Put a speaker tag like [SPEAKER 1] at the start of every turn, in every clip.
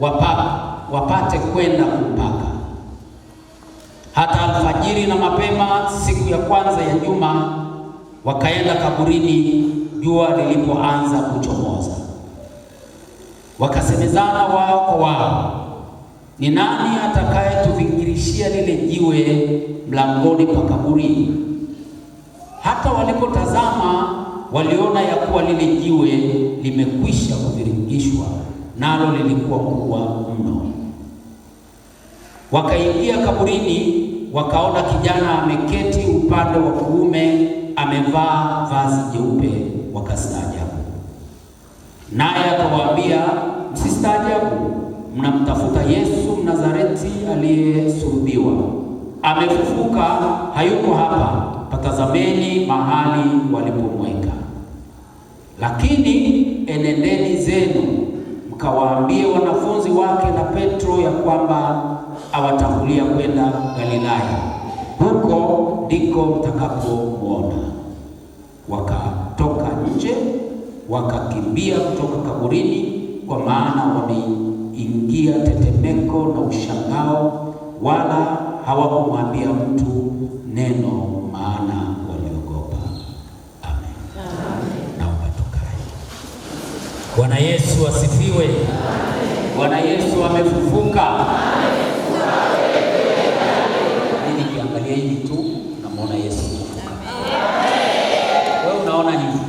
[SPEAKER 1] wapa, wapate kwenda kumpaka. Hata alfajiri na mapema siku ya kwanza ya juma wakaenda kaburini jua lilipoanza kuchomoza. Wakasemezana wao kwa wao, ni nani atakayetuvingirishia lile jiwe mlangoni pa kaburi? Hata walipotazama waliona ya kuwa lile jiwe limekwisha kuviringishwa nalo lilikuwa kubwa mno. Wakaingia kaburini, wakaona kijana ameketi upande wa kuume, amevaa vazi jeupe, wakastaajabu. Naye akawaambia, msistaajabu, mnamtafuta Yesu Mnazareti aliyesulubiwa. Amefufuka, hayuko hapa. Patazameni mahali walipomweka. Lakini enendeni zenu mkawaambie wanafunzi wake na Petro ya kwamba awatangulia kwenda Galilaya, huko ndiko mtakapomwona. Wakatoka nje wakakimbia kutoka kaburini, kwa maana wameingia tetemeko na ushangao, wala hawakumwambia mtu neno. Bwana Yesu asifiwe. Bwana Yesu amefufuka. kiangalia hivi tu namwona Yesu
[SPEAKER 2] amefufuka.
[SPEAKER 1] Wewe unaona nini?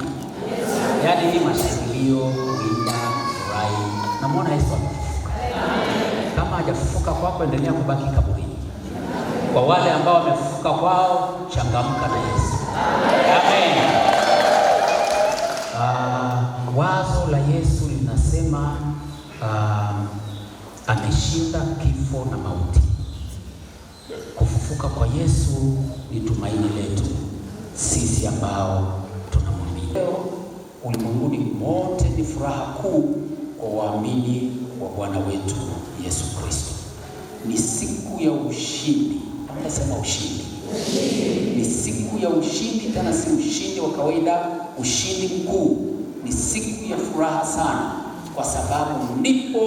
[SPEAKER 1] Yaani ni mashangilio, kuimba, furahi. Namwona Yesu amefufuka. Kama hajafufuka kwako, endelea kubaki kaburini. Kwa wale ambao wamefufuka kwao, changamka na Yesu.
[SPEAKER 2] Amen. Amen.
[SPEAKER 1] Ah, la Yesu linasema uh, ameshinda kifo na mauti. Kufufuka kwa Yesu ni tumaini letu sisi ambao tunamwamini. Leo ulimwenguni mote ni furaha kuu kwa waamini wa Bwana wetu Yesu Kristo. Ni siku ya ushindi, amesema ushindi, ni siku ya ushindi, tena si ushindi wa kawaida, ushindi mkuu ni siku ya furaha sana, kwa sababu ndipo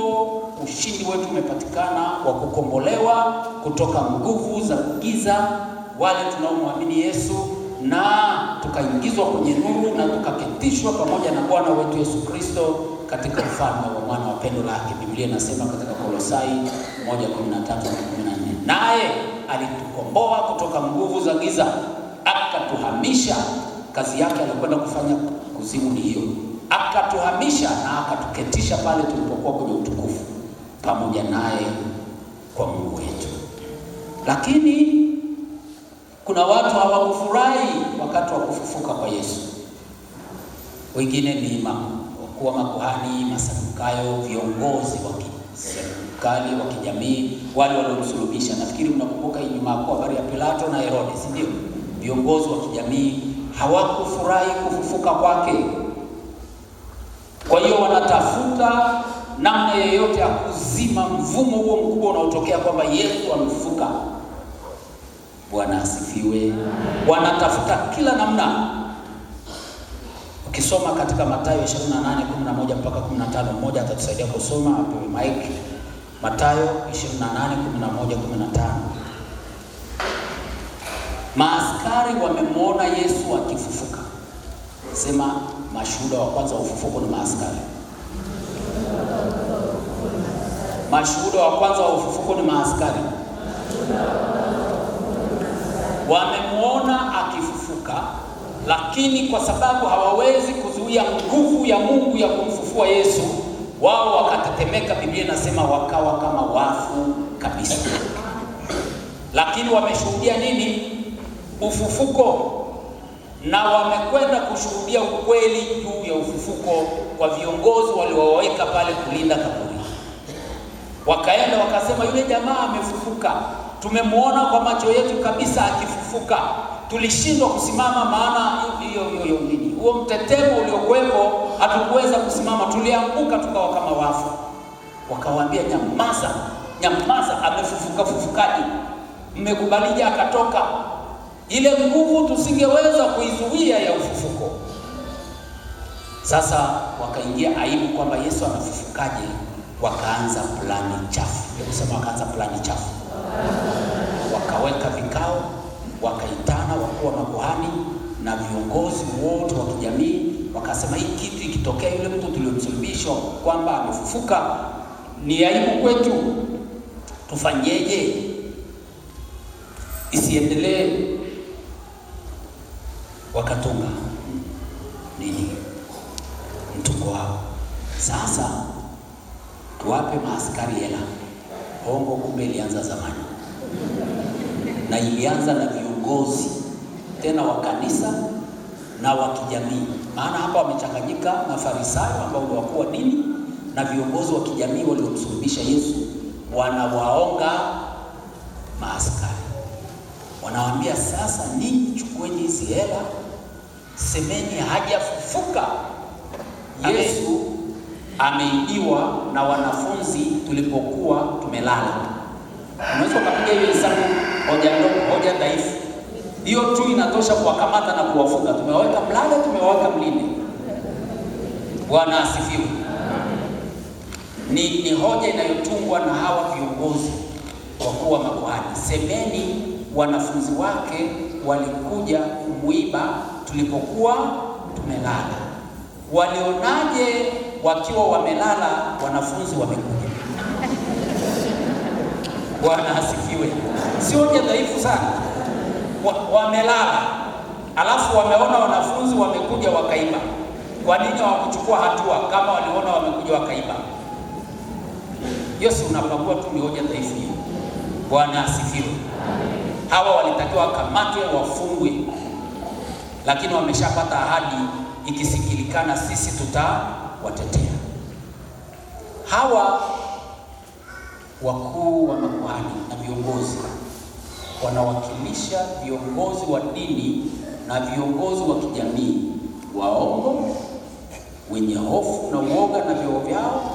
[SPEAKER 1] ushindi wetu umepatikana wa kukombolewa kutoka nguvu za giza, wale tunaomwamini Yesu na tukaingizwa kwenye nuru na tukaketishwa pamoja na Bwana wetu Yesu Kristo katika ufalme wa mwana wa pendo lake. Biblia inasema katika Kolosai 1:13-14, naye alitukomboa kutoka nguvu za giza akatuhamisha. Kazi yake alikwenda kufanya kuzimu ni hiyo akatuhamisha na akatuketisha pale tulipokuwa kwenye utukufu pamoja naye kwa Mungu wetu. Lakini kuna watu hawakufurahi wakati wa kufufuka kwa Yesu. Wengine ni wakuwa makuhani, Masadukayo, viongozi wa kiserikali wa kijamii, wale waliomsulubisha. Nafikiri mnakumbuka Ijumaa Kuu habari ya Pilato na Herode, si ndio? Viongozi wa kijamii hawakufurahi kufufuka kwake hiyo wanatafuta namna yeyote ya kuzima mvumo huo mkubwa unaotokea kwamba Yesu amefufuka. Bwana asifiwe. Wanatafuta kila namna. Ukisoma katika Mathayo 28:11 mpaka 15, mmoja atatusaidia kusoma hapo Mike. Mathayo 28:11-15. Maaskari wamemwona Yesu akifufuka, sema mashuhuda wa kwanza wa ufufuko ni maaskari. Mashuhuda wa kwanza wa ufufuko ni maaskari, wamemwona akifufuka, lakini kwa sababu hawawezi kuzuia nguvu ya Mungu ya kumfufua Yesu, wao wakatetemeka. Biblia inasema wakawa kama wafu kabisa. Lakini wameshuhudia nini? Ufufuko na wamekwenda kushuhudia ukweli juu ya ufufuko kwa viongozi waliowaweka pale kulinda kaburi. Wakaenda wakasema, yule jamaa amefufuka, tumemwona kwa macho yetu kabisa akifufuka. Tulishindwa kusimama, maana hiyo hiyo nini, huo mtetemo uliokuwepo, hatukuweza kusimama, tulianguka tukawa kama wafu. Wakawaambia, nyamaza, nyamaza, amefufuka. Fufukaji? Mmekubalija akatoka ile nguvu tusingeweza kuizuia ya ufufuko. Sasa wakaingia aibu kwamba Yesu anafufukaje, wakaanza plani chafu. Hebu wakaanza plani chafu, wakaweka vikao, wakaitana wakuu wa makuhani na viongozi wote wa kijamii, wakasema hii kitu ikitokea yule mtu tuliomsulubishwa kwamba amefufuka ni aibu kwetu, tufanyeje isiendelee wakatunga nini mtungo wao. Sasa tuwape maaskari hela. Hongo kumbe ilianza zamani na ilianza na viongozi tena wa kanisa na wa kijamii, maana hapa wamechanganyika Mafarisayo ambao ni wakuu wa dini na viongozi wa kijamii waliomsulubisha Yesu, wanawaonga maaskari, wanawaambia sasa, ninyi chukueni hizi hela semeni hajafufuka. Yesu ameibiwa na wanafunzi tulipokuwa tumelala. Unaweza ukapiga hiyo hesabu, hoja ndogo, hoja dhaifu hiyo tu inatosha kuwakamata na kuwafunga. Tumewaweka mlale, tumewaweka mlinde. Bwana asifiwe. Ni, ni hoja inayotungwa na hawa viongozi wakuu wa makuhani. Semeni wanafunzi wake walikuja kuiba tulipokuwa tumelala. Walionaje wakiwa wamelala? Wanafunzi wamekuja. Bwana asifiwe. Si hoja dhaifu sana, wamelala alafu wameona wanafunzi wamekuja wakaiba. Kwa nini hawakuchukua hatua kama waliona wamekuja wakaiba? Yesu, unapangua tu, ni hoja dhaifu hiyo. Bwana asifiwe. Hawa walitakiwa wakamatwe, wafungwe lakini wameshapata ahadi ikisikilikana, sisi tutawatetea. Hawa wakuu wa makuhani na viongozi wanawakilisha viongozi wa dini na viongozi wa kijamii, waongo, wenye hofu na uoga na vyoo vyao,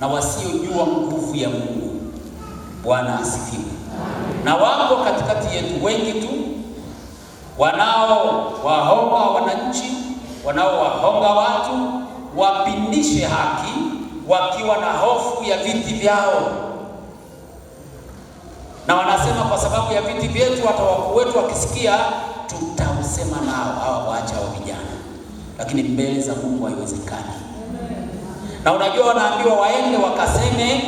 [SPEAKER 1] na wasiojua nguvu ya Mungu. Bwana asifiwe. Na wako katikati yetu wengi tu wanaowahonga wananchi, wanaowahonga watu, wapindishe haki wakiwa na hofu ya viti vyao, na wanasema kwa sababu ya viti vyetu, hata wakuu wetu wakisikia, tutausema nao hawa waacha wa vijana, lakini mbele za Mungu haiwezekani. Na unajua wanaambiwa waende wakaseme,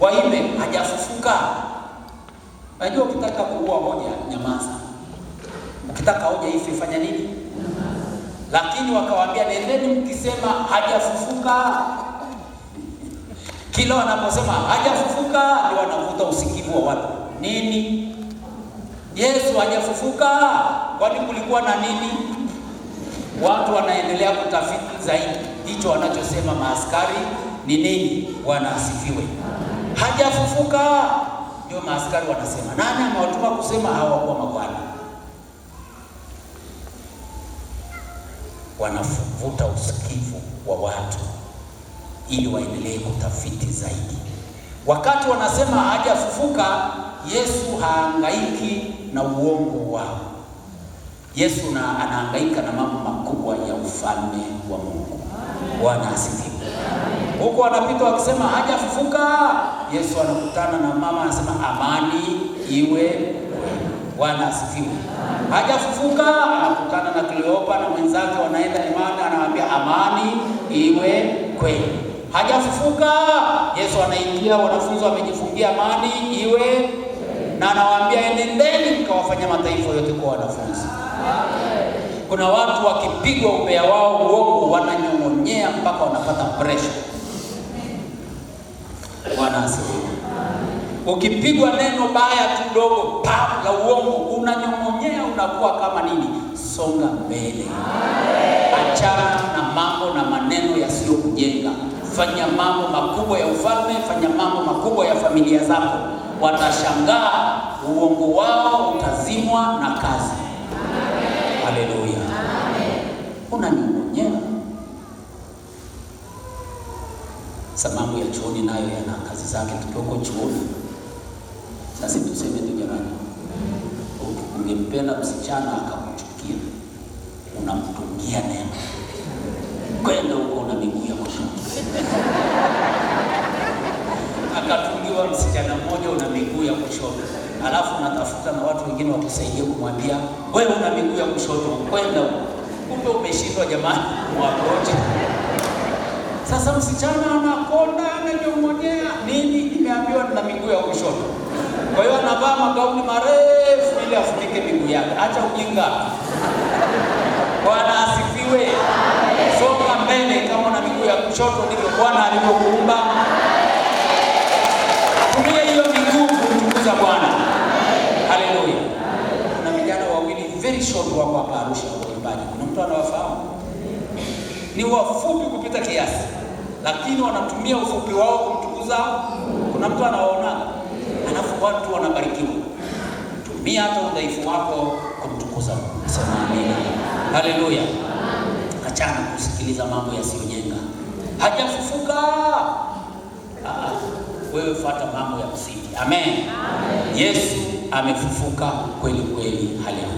[SPEAKER 1] waime hajafufuka. Unajua ukitaka kuua moja, nyamaza Ukitaka hoja hii fanya nini? Lakini wakawaambia nendeni, mkisema hajafufuka. Kila wanaposema hajafufuka, ndio wanavuta usikivu wa watu. Nini? Yesu hajafufuka? Kwani kulikuwa na nini? Watu wanaendelea kutafiti zaidi. Hicho wanachosema maaskari ni nini? Bwana asifiwe. Hajafufuka ndio maaskari wanasema. Nani amewatuma kusema hawa kuwa mabwana? wanavuta usikivu wa watu ili waendelee kutafiti zaidi. Wakati wanasema hajafufuka, Yesu haangaiki na uongo wao. Yesu na anahangaika na mambo makubwa ya ufalme wa Mungu. Bwana asifiwe. Huko wanapita wakisema hajafufuka, Yesu anakutana na mama anasema amani iwe Bwana asifiwe. Hajafufuka, anakutana na Kleopa na mwenzake, wanaenda Emmaus, anawaambia amani iwe kwenu. Hajafufuka, Yesu anaingia, wanafunzi wamejifungia amani iwe, na anawaambia enendeni mkawafanya mataifa yote kuwa wanafunzi. Kuna watu wakipigwa ubea wao uongo, wananyong'onyea mpaka wanapata pressure. Bwana asifiwe. Ukipigwa neno baya tu dogo pa la uongo, unanyong'onyea, unakuwa kama nini? Songa mbele, achana na mambo na maneno yasiyokujenga. Fanya mambo makubwa ya ufalme, fanya mambo makubwa ya familia zako. Watashangaa, uongo wao utazimwa na kazi. Haleluya! Unanyong'onyea. Samamu ya chuoni nayo yana kazi zake, tukioko chuoni sasa tuseme tu jamani, ungempenda msichana akakuchukia, unamtungia neno kwenda huko, una miguu ya kushoto akatungiwa msichana mmoja, una miguu ya kushoto, alafu unatafuta na watu wengine wakusaidie kumwambia wewe una miguu ya kushoto, kwenda huko, kumbe umeshindwa jamani, mwakoje sasa msichana anakonda anajongonyea nini? Nimeambiwa na miguu ya kushoto. Kwa hiyo anavaa magauni marefu ili afunike miguu yake. Acha ujinga. Bwana asifiwe. Songa mbele kama na miguu ya kushoto ndivyo Bwana alivyokuumba. Tumie hiyo miguu kumtukuza Bwana. Haleluya. Kuna vijana wawili very short wako hapa Arusha waimbaji. Kuna mtu anawafahamu? Ni wafupi kupita kiasi, lakini wanatumia ufupi wao kumtukuza. Kuna mtu anaona watu wanabarikiwa. Tumia hata udhaifu wako kumtukuza Mungu. Sema amina, haleluya. Achana kusikiliza mambo yasiyojenga. Hajafufuka. Ah, wewe fuata mambo ya msingi. Amen, amen. Yesu amefufuka kweli kweli, haleluya.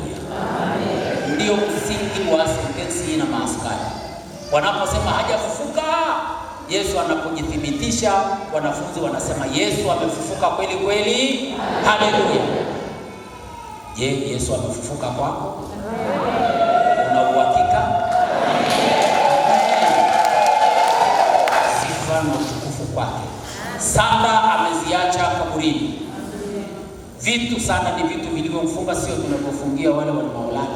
[SPEAKER 1] Ndio msingi wa sentensi na maaskari wanaposema hajafufuka Yesu anapojithibitisha, wanafunzi wanasema Yesu amefufuka kweli kweli. Haleluya! Je, Yesu amefufuka kwako? Una uhakika? Sifa na utukufu kwake. Sara ameziacha kaburini vitu sana, ni vitu vilivyomfunga, sio tunavyofungia wale wanaolala.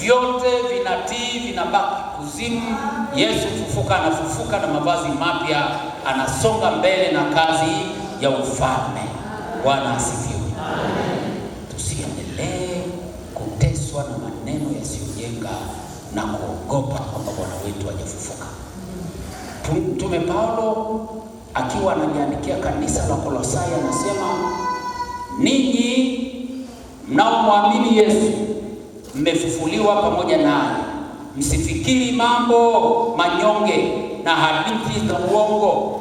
[SPEAKER 1] Vyote vinatii, vinabaki kuzimu, Yesu fufuka anafufuka na mavazi mapya, anasonga mbele na kazi ya ufalme. Bwana asifiwe. Tusiendelee kuteswa na maneno yasiyojenga na kuogopa kwamba Bwana wetu hajafufuka. Mtume Paulo akiwa analiandikia kanisa la Kolosai anasema, ninyi mnaomwamini Yesu mmefufuliwa pamoja naye msifikiri mambo manyonge na hadithi za uongo,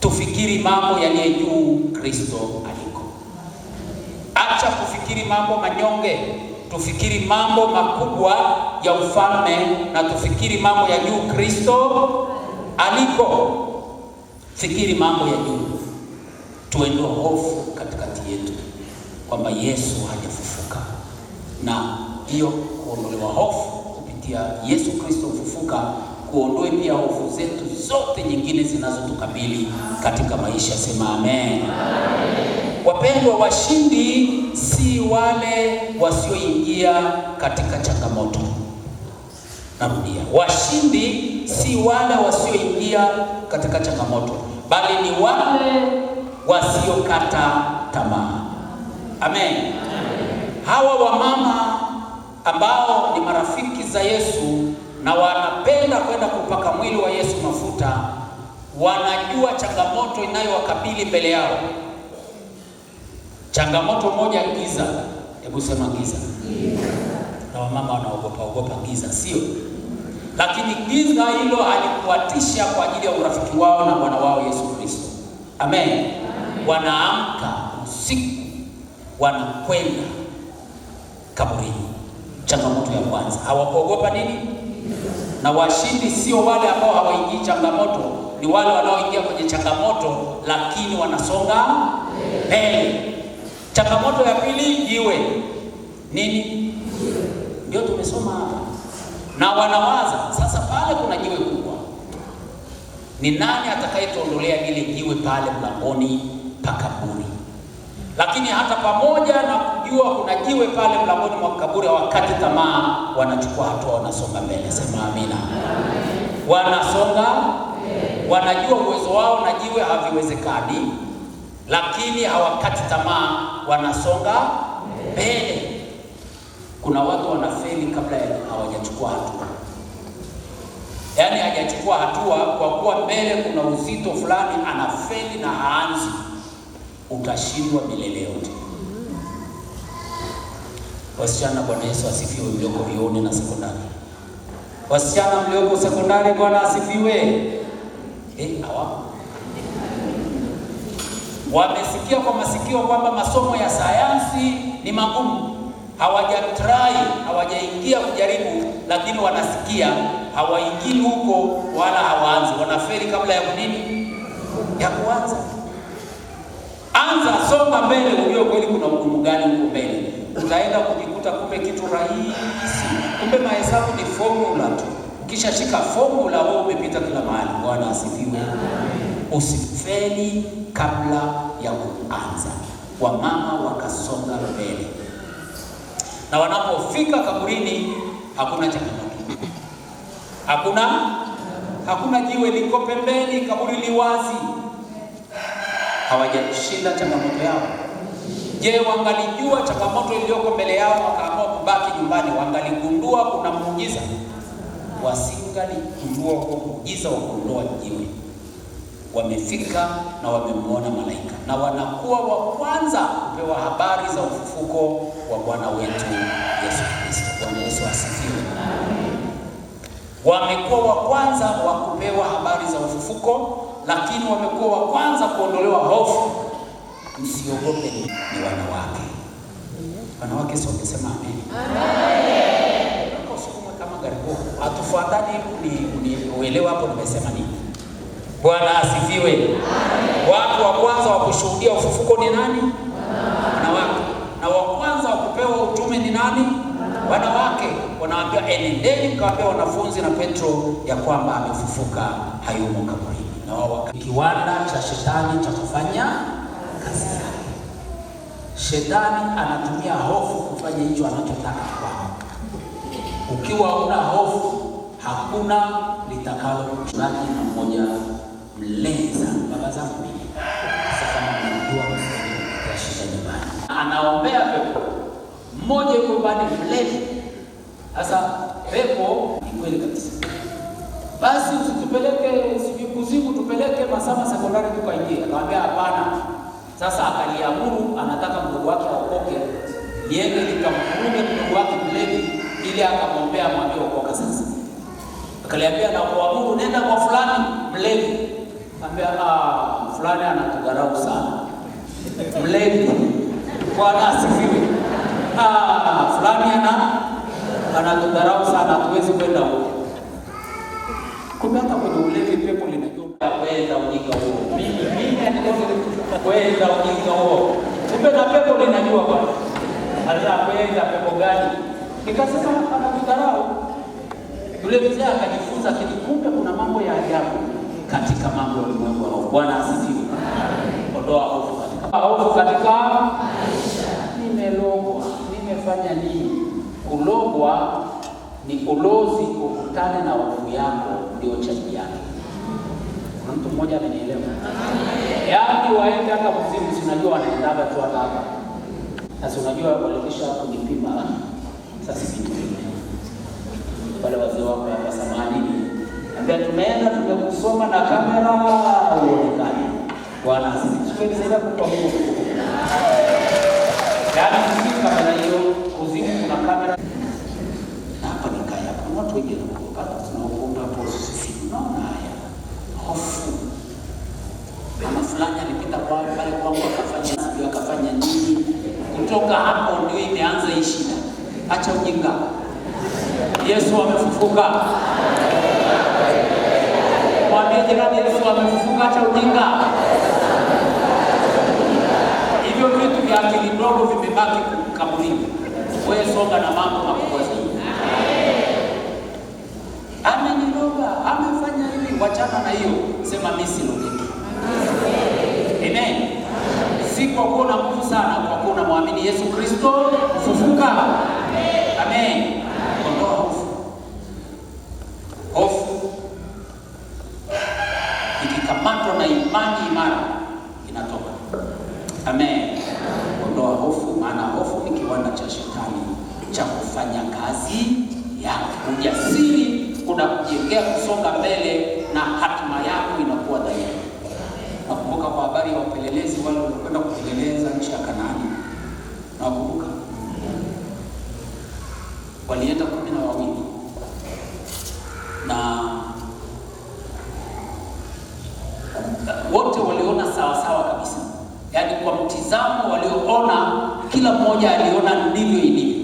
[SPEAKER 1] tufikiri mambo yaliye juu Kristo aliko. Acha kufikiri mambo manyonge, tufikiri mambo makubwa ya ufalme na tufikiri mambo ya juu Kristo aliko. Fikiri mambo ya juu, tuendoe hofu katikati yetu kwamba Yesu hajafufuka na hiyo kuondolewa hofu kupitia Yesu Kristo mfufuka, kuondoe pia hofu zetu zote nyingine zinazotukabili katika maisha. Sema amen. Wapendwa, washindi si wale wasioingia katika changamoto. Narudia, washindi si wale wasioingia katika changamoto, bali ni wale wasiokata tamaa. Amen. Hawa wamama ambao ni marafiki za Yesu na wanapenda kwenda kupaka mwili wa Yesu mafuta, wanajua changamoto inayowakabili mbele yao. Changamoto moja, giza. Hebu sema giza. Na wamama wanaogopa ogopa giza, sio? Lakini giza hilo alikuwatisha kwa ajili ya urafiki wao na Bwana wao Yesu Kristo. Amen, amen. Wanaamka usiku wanakwenda kaburini changamoto ya kwanza, hawakuogopa nini? Na washindi sio wale ambao hawaingii changamoto, ni wale wanaoingia kwenye changamoto lakini wanasonga mbele. Changamoto ya pili jiwe nini? Ndio tumesoma hapa, na wanawaza sasa, pale kuna jiwe kubwa, ni nani atakayetuondolea lile jiwe pale mlangoni pakaburi? Lakini hata pamoja na wanajua kuna jiwe pale mlangoni mwa kaburi, wakati tamaa, wanachukua hatua, wanasonga mbele. Sema amina. Wanasonga, wanajua uwezo wao na jiwe haviwezekani, lakini hawakati tamaa, wanasonga mbele. Kuna watu wanafeli kabla hawajachukua hatua, yaani hajachukua hatua kwa kuwa mbele kuna uzito fulani, anafeli na haanzi, utashindwa milele yote. Wasichana, Bwana Yesu asifiwe. Mlioko vioni na sekondari, wasichana mlioko sekondari, Bwana asifiwe. Eh, awa wamesikia kwa masikio kwamba masomo ya sayansi ni magumu, hawajatrai, hawajaingia kujaribu, lakini wanasikia, hawaingii huko wala hawaanzi, wanafeli kabla ya kunini, ya kuanza. Anza, soma mbele, ujue kweli kuna ugumu gani huko mbele utaenda kujikuta kumbe kitu rahisi, kumbe mahesabu ni formula tu. Kisha shika formula, wewe umepita kila mahali. Bwana asifiwe. Usifeli kabla ya kuanza. Wamama wakasonga mbele, na wanapofika kaburini hakuna changamoto, hakuna hakuna jiwe liko pembeni, kaburi liwazi. Hawajashinda changamoto yao. Je, wangalijua changamoto iliyoko mbele yao wakaamua kubaki nyumbani? Wangaligundua kuna muujiza? Wasingaligundua huo muujiza wa kuondoa jiwe. Wamefika na wamemwona malaika na wanakuwa wa kwanza kupewa habari za ufufuko wa Bwana wetu Yesu Kristo. Bwana Yesu asifiwe. Wamekuwa wa kwanza wa kupewa habari za ufufuko, lakini wamekuwa wa kwanza kuondolewa hofu msiogope ni wanawake. Wanawake sio kusema amen. uelewa hapo nimesema nini? Bwana asifiwe. Watu wa kwanza wa kushuhudia ufufuko ni nani? Wanawake. Na wa kwanza wa kupewa utume ni nani? Wanawake. Wanaambia enendeni mkawaambia wanafunzi na Petro ya kwamba amefufuka hayumo kaburini. Na wao kiwanda cha shetani cha kufanya kazi yake. Shetani anatumia hofu kufanya hicho anachotaka kwao. Ukiwa una hofu, hakuna litakalo kubaki na mmoja mleza baba zangu mimi. Sasa mnajua kwa shida nyumbani. Anaombea pepo. Mmoja yuko bani mlevi. Sasa pepo ni kweli kabisa. Basi usitupeleke sijui kuzimu tupeleke Masama sekondari tukaingia. Akamwambia hapana. Sasa akaliamuru, anataka mdogo wake aokoke, yeye likamvume mdogo wake mlevi, ili akamwombea mwambie okoka. Sasa akaliambia na kuamuru, nenda kwa fulani mlevi. Ambia ah, fulani anatugarau sana mlevi. Bwana asifiwe. Ah, fulani ana anatugarau sana, hatuwezi kwenda huko. Kumbe hata kwenye ulevi pepo lina kwenda ujinga huo, ujinga huo, kumbe na pepo linajua pepo gani? Nikasema anakudharau yule mzee, akajifunza kitu, kumbe kuna mambo ya ajabu katika mambo ya ulimwengu Bwana asifiwe. Ondoa hofu katika hofu katika nimelogwa, nimefanya nini? Kulogwa ni ulozi, ukutane na hofu yako, ndio chaji yako na mtu mmoja amenielewa. Yaani waende hata mzimu, sinajua wanaendaga tu hapa. Sasa unajua walikisha kunipima sasa sikipima. Wale wazee wako hapa samani. Ambia tumeenda tumekusoma na kamera uonekane. Bwana asifiwe. Nisaidia kwa Mungu. Yaani sisi kamera hiyo kuzimu kuna kamera. Hapa nikaya kuna watu wengi wanakuwa kama tunaokuomba hapo sisi. Unaona? hofu ama fulani alipita pale kwangu akafanya sivyo, akafanya nini? Kutoka hapo ndio imeanza hii shida. Acha ujinga, Yesu amefufuka. Mwambie jirani, Yesu amefufuka, acha ujinga. Hivyo vitu vya akili ndogo vimebaki kaburini. Wewe songa na mambo wachana na hiyo, sema misilo kitu. Amen. Si kwa kuwa nguvu sana, kwa kuwa unamwamini Yesu Kristo mfufuka. yaani kwa mtizamo walioona, kila mmoja aliona ndivyo ilivyo,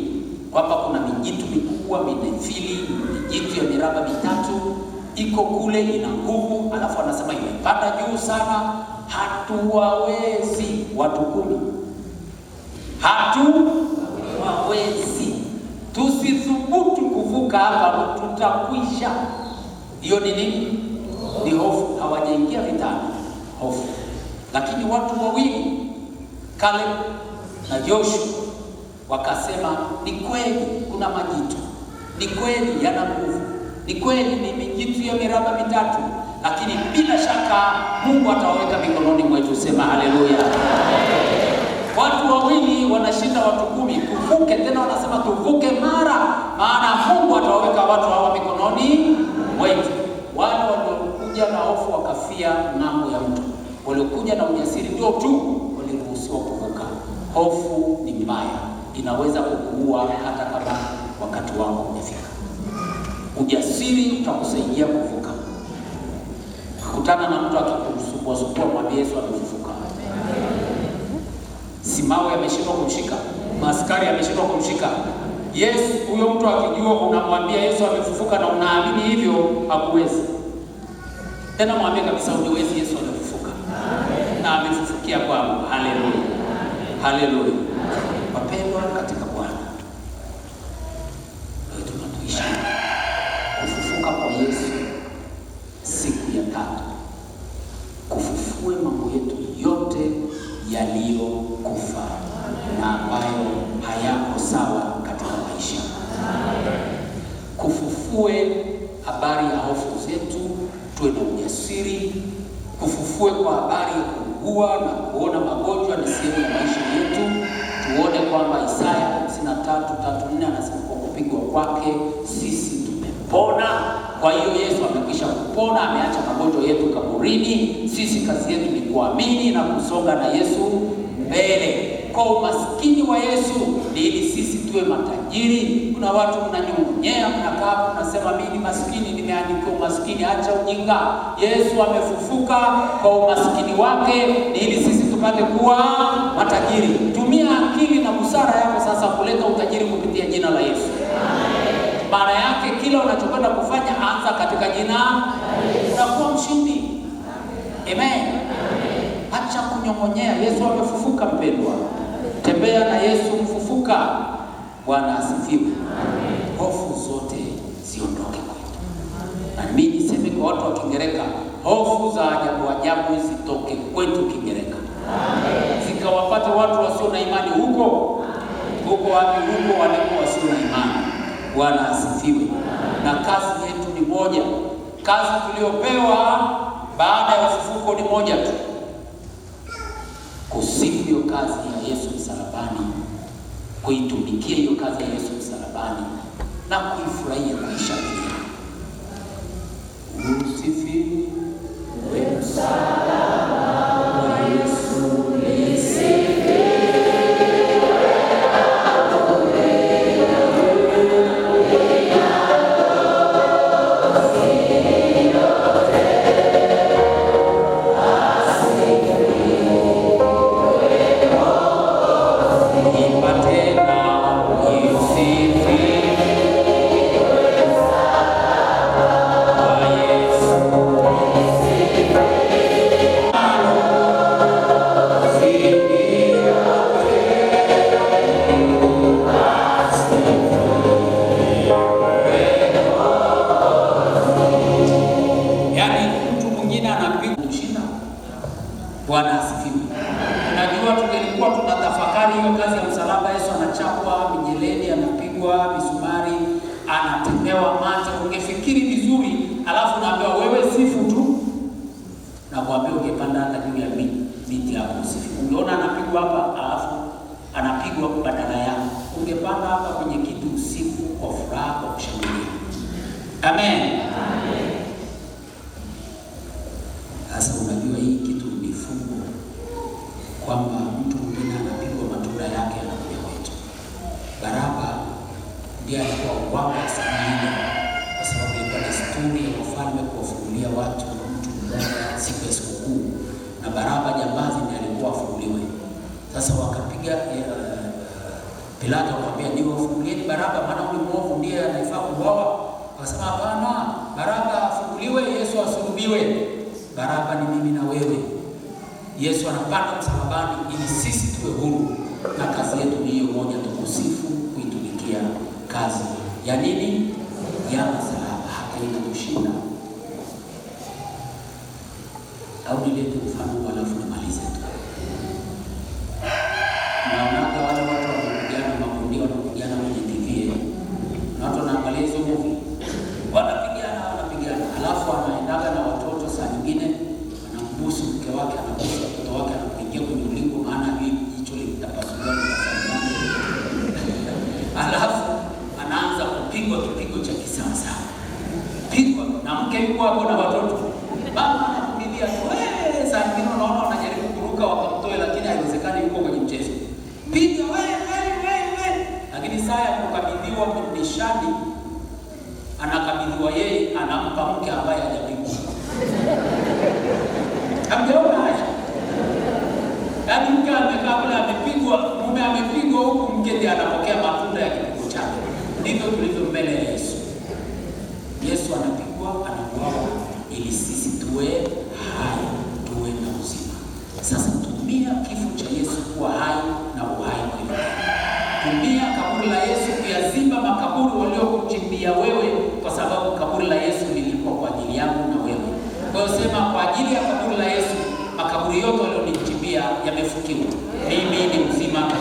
[SPEAKER 1] kwamba kuna mijitu mikubwa minefili, mijitu ya miraba mitatu iko kule, ina nguvu, alafu anasema imepanda juu sana, hatuwawezi watu kumi, hatuwawezi, tusithubutu kuvuka hapa, tutakwisha. Hiyo ni nini? Ni hofu. Hawajaingia vitani, hofu lakini watu wawili kale na Joshua wakasema, ni kweli kuna majitu, ni kweli yana nguvu, ni kweli ni mijitu ya miraba mitatu, lakini bila shaka Mungu atawaweka mikononi mwetu. Sema haleluya! Watu wawili wanashinda watu kumi. Tuvuke tena, wanasema tuvuke mara, maana Mungu atawaweka watu hawa mikononi mwetu. Wale waliokuja na hofu wakafia ng'ambo ya mtu Waliokuja na ujasiri ndio tu waliruhusiwa kuvuka. Hofu ni mbaya, inaweza kukuua hata kama wakati wako umefika. Ujasiri utakusaidia kuvuka. Kutana na mtu akikusukuasukua, mwambie Yesu amefufuka. Simawe ameshindwa kumshika, maskari ameshindwa kumshika Yesu. Huyo mtu akijua unamwambia Yesu amefufuka na unaamini hivyo, hakuwezi tena. Mwambie kabisa, uniwezi Yesu na amefufukia kwangu. Haleluya, haleluya. Wapendwa katika Bwana, ndio tunatuishi kufufuka kwa Yesu siku ya tatu, kufufue mambo yetu yote yaliyokufa na ambayo hayako sawa katika maisha, kufufue habari ya hofu zetu, tuwe na ujasiri, kufufue kwa habari kuugua na kuona magonjwa ni sehemu ya maisha yetu. Tuone kwamba Isaya 53:34 anasema kwa kupigwa kwake sisi tumepona. Kwa hiyo Yesu amekwisha kupona, ameacha magonjwa yetu kaburini. Sisi kazi yetu ni kuamini na kusonga na Yesu mbele. Kwa umaskini wa Yesu ili sisi tuwe matajiri. Kuna watu mnanyong'onyea, mnakaa mnasema mimi maskini, nimeandikwa umaskini. Acha ujinga, Yesu amefufuka kwa umaskini wake, ni ili sisi tupate kuwa matajiri. Tumia akili na busara yako sasa kuleta utajiri kupitia jina la Yesu. Maana yake kila unachokwenda kufanya, anza katika jina, unakuwa mshindi. Amen. Acha kunyong'onyea, Yesu amefufuka mpendwa. Kutembea na Yesu mfufuka. Bwana asifiwe. Hofu zote ziondoke kwetu, na mimi niseme kwa watu wa Kiingereza, hofu za ajabu ajabu zitoke kwetu Kiingereza, zikawapata watu wasio na imani huko huko, wapi? Huko waliko wasio na imani. Bwana asifiwe. Na kazi yetu ni moja, kazi tuliyopewa baada ya ufufuko ni moja tu kusifu hiyo kazi ya Yesu msalabani, kuitumikia hiyo kazi ya Yesu msalabani na kuifurahia maisha. wewe anawekwa mijeledi, anapigwa misumari, anatemewa mate. Ungefikiri vizuri, alafu naambiwa wewe sifu tu, nakuambia ungepanda hata juu ya miti yako usifu. Ungeona anapigwa hapa usulubiwe. Baraba ni mimi na wewe. Yesu anapanda msalabani ili sisi tuwe huru, na kazi yetu ni hiyo moja, tukusifu, kuitumikia kazi ya nini? Ya msalaba. Hakuna kushinda au nilete mfano kupiga wewe, lakini saa ya kukabidhiwa nishani anakabidhiwa yeye, anampa mke ambaye hajapigwa. Hamjaona haya? Yaani mke amekaa kule, amepigwa, mume amepigwa, huku mke ndiye anapokea matunda ya kipigo chake. Ndivyo tulivyo mbele ya Yesu. Yesu anapigwa, anakuawa ili sisi tuwe ya wewe, kwa sababu kaburi la Yesu lilikuwa kwa ajili yangu na wewe. Kwa hiyo sema, kwa ajili ya kaburi la Yesu makaburi yote walionichimbia yamefukiwa. Mimi ni mzima.